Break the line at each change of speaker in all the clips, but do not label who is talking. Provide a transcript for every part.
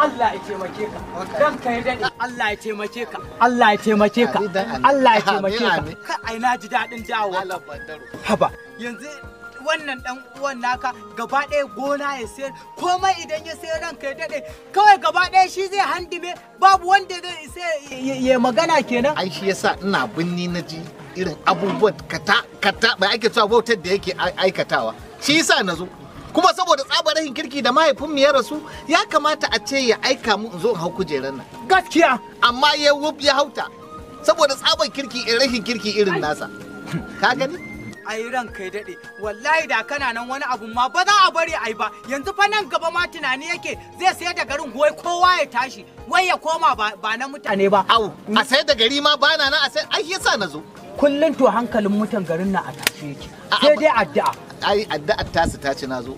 Allah ya taimake ka dan ka yi dade Allah ya taimake ka Allah ya taimake ka Allah ya taimake ka ka na ji dadin dawowa haba yanzu wannan dan uwan naka gaba ɗaya gona ya sayar komai idan ya sayar ranka ya dade kawai gaba ɗaya shi zai handime babu wanda zai sai ya magana
kenan ai shi yasa ina binni na ji irin abubuwan kata kata bai ake cewa bautar da yake aikatawa shi yasa na zo kuma saboda tsabar rahin kirki da mahaifin ya rasu ya kamata a ce ya aika mu in zo hau kujerar nan gaskiya amma ya wub ya hauta
saboda tsabar kirki in eh, rahin kirki irin nasa ka gani ai ran kai dade wallahi da kana nan wani abu ma ba za a bari ai ba yanzu fa nan gaba ma tunani yake zai sayar da garin wai kowa ya tashi wai ya koma ba na mutane ba au a sayar da gari ma bana na a sayar ai yasa na zo kullun to hankalin mutan garin na a tashi yake
sai dai addu'a ai addu'ar tasu ta ci nazo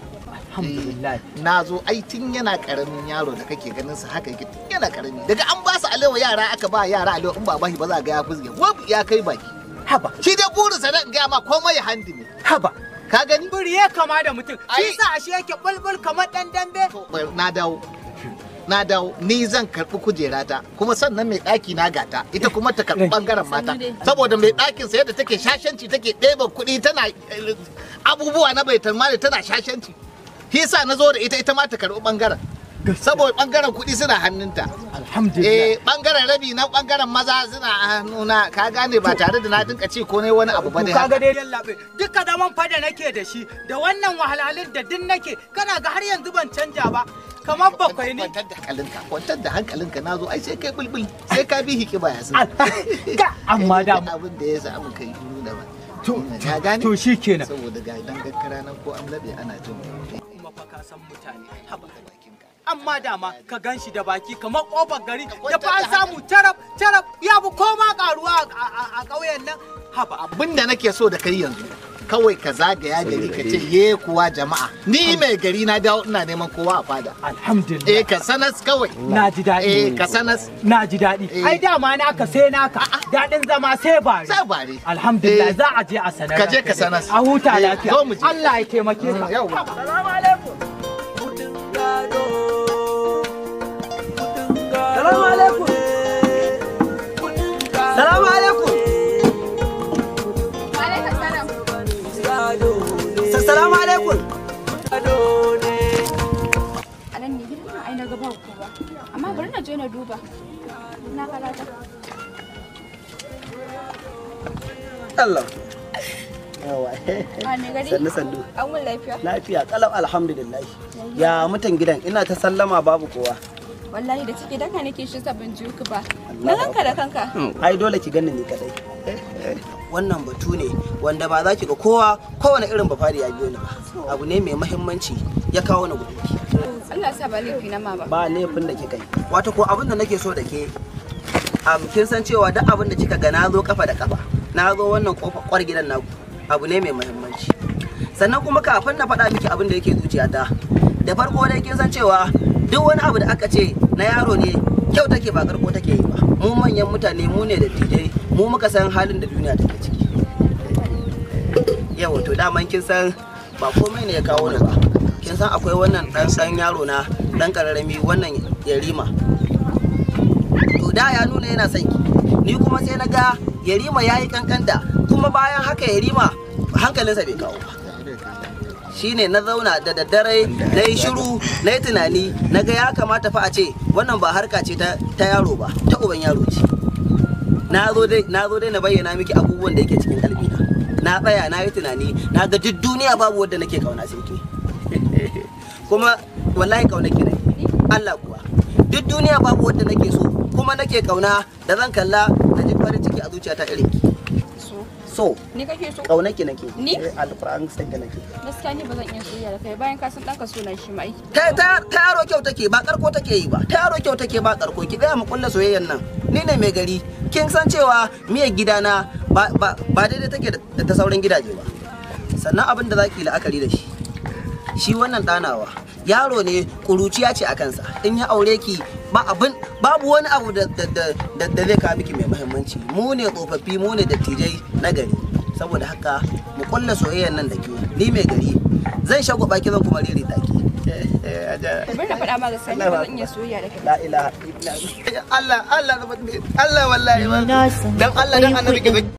eh, na zo ai tun yana karamin yaro da kake ganin sa haka yake tun yana karami daga an ba su alewa yara aka ba yara alewa in ba bashi ba za ga ya fuzge wabu ya kai baki haba shi dai buru sa in ga ma komai handi ne haba ka gani buri ya kama da mutum shi
sa ashe yake bulbul kamar dan dambe
na dawo na dawo ni zan karɓi kujerata kuma sannan mai ɗaki na gata ita kuma ta karɓi ɓangaren mata saboda mai ɗakin sa yadda take shashanci take ɗeba kuɗi tana eh, abubuwa na bai tana shashanci hisa na zo da ita ita ma ta karɓi ɓangaren saboda bangaren kuɗi suna hannunta eh bangaren rabi na bangaren maza
suna hannuna ka gane ba tare da na dinka ce ko ne wani abu bane ka ga dai labe duka zaman fada nake da shi da wannan wahalhalun da din nake kana ga har yanzu ban canja ba kamar bakwai ne kwantar da
hankalinka kwantar da hankalinka na zo ai sai kai bulbul sai ka bi ya san sun amma da abin da ya samu kai duru da
ba to shi kenan
saboda ga dan gakkara nan ko an labe ana jin mafaka san mutane haba
amma dama ka gan shi da baki kamar kofar gari da fa an samu tarab tarab ya bu koma karuwa a ƙauyen nan haba abinda nake
so da kai yanzu kawai ka zagaya gari ka ce ye kuwa jama'a ni mai gari na dawo ina neman kowa a fada
alhamdulillah eh ka sanas kawai na ji daɗi eh ka sanas na ji daɗi eh. ai dama naka sai naka daɗin zama sai bare sai bare alhamdulillah eh. za a je a sanar ka je ka sanas a huta eh, lafiya Allah ya taimake ka mm, assalamu
alaikum ga ba kowa amma bari na je na duba na karata Allah sannu sannu lafiya alhamdulillah ya mutan gidan ina ta sallama babu kowa wallahi da ciki dan ka nake shi sabon juku ba na da kanka ai dole ki ganni ni kadai wannan batu ne wanda ba za ki ga kowa kowane irin ba fari ya biyo ni ba abu ne mai muhimmanci ya kawo ni gudu. Allah sa ba laifi na ma ba ba laifin da kika yi wato ko abin da nake so da ke um, kin san cewa duk abin da kika ga na zo kafa da kafa na zo wannan kwar gidan naku abu ne mai muhimmanci? sannan kuma kafin na faɗa miki abin da yake zuciyata da farko dai kin san cewa duk wani abu da aka ce na yaro ne kyau take ba karko take yi ba mu manyan mutane mu ne da mu muka san halin da duniya take ciki yawa to daman kin san ba komai ne ya kawo ni ba kin san akwai wannan dan san yaro na dan kararami wannan yarima to da ya nuna yana son ki ni kuma sai na ga yarima yayi kankanta kuma bayan haka yarima hankalinsa bai kawo ba shine na zauna da daddare na yi shiru na yi tunani na ga ya kamata fa a ce wannan ba harka ce ta yaro ba ta uban yaro ce na zo dai na bayyana miki abubuwan da yake cikin kalbina na tsaya na yi tunani na ga duk duniya babu wadda nake kauna sai ke kuma wallahi kauna ke ne Allah kuwa duk duniya babu wadda nake so kuma nake kauna da zan kalla na ji farin ciki a zuciyata irin ki so ni kake so kauna ki nake ni eh, alquran san nake gaskiya ni bazan iya soyayya da kai bayan ka san so na shi mai ta ta ta yaro kyau take ba karko take yi ba ta yaro kyau take ba karko ki ga mu kullu soyayyan nan ni ne mai gari kin san cewa miyar gidana ba ba ba daidai take da ta sauran gidaje ba sannan abin da zaki la'akari da shi shi wannan danawa yaro ne kuruciya ce a kansa in ya aure ki ba abin babu wani abu da zai kawo miki mai muhimmanci mu ne tsofaffi mu ne dattijai na gari saboda haka mu kulla soyayyar nan da ke ni mai gari zan shago baki zan kuma rere taki eh, eh, faɗa ma sani ba zan iya soyayya da kai la ilaha Allah Allah Allah wallahi dan Allah dan annabi